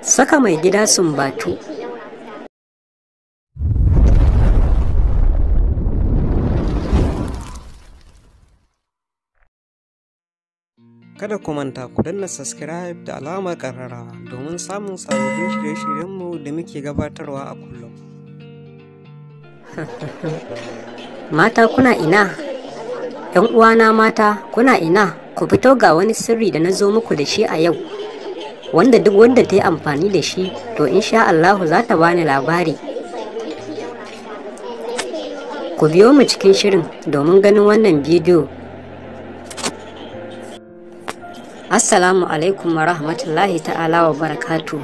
Saka mai gida sumbatu. Kada ku manta ku danna subscribe da alamar karara domin samun sabbin shirye-shiryenmu da muke gabatarwa a kullum. mata kuna ina? ‘Yan uwana mata kuna ina? Ku fito ga wani sirri da na zo muku da shi a yau. wanda duk wanda ta yi amfani da shi to insha Allahu za ta bani labari ku biyo mu cikin shirin domin ganin wannan bidiyo assalamu alaikum wa rahmatullahi ta'ala wa barakatu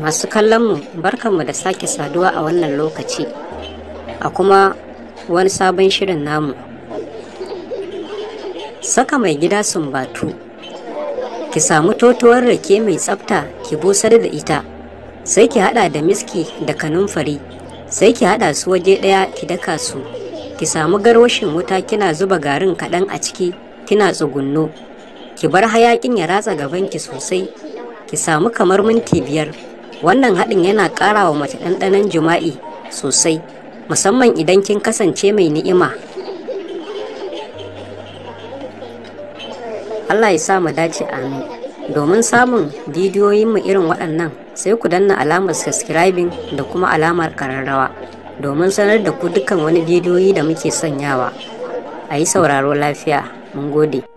masu kallon kallonmu barkanmu da sake saduwa a wannan lokaci a kuma wani sabon shirin namu saka mai gida sumbatu ki samu totuwar rake mai tsafta ki busar da ita sai ki hada da miski da kanunfari. sai ki hada su waje daya ki daka su ki samu garwashin wuta kina zuba garin kaɗan a ciki kina tsugunno ki bar hayakin ya ratsa gaban ki sosai ki samu kamar minti biyar wannan haɗin yana ƙara wa mace ɗanɗanon jima'i sosai musamman idan kin kasance mai ni'ima Allah ya sa mu dace amin domin samun bidiyoyinmu irin waɗannan sai ku danna alamar subscribing da kuma alamar kararrawa domin sanar da ku dukkan wani bidiyoyi da muke sanyawa a yi sauraro lafiya mun gode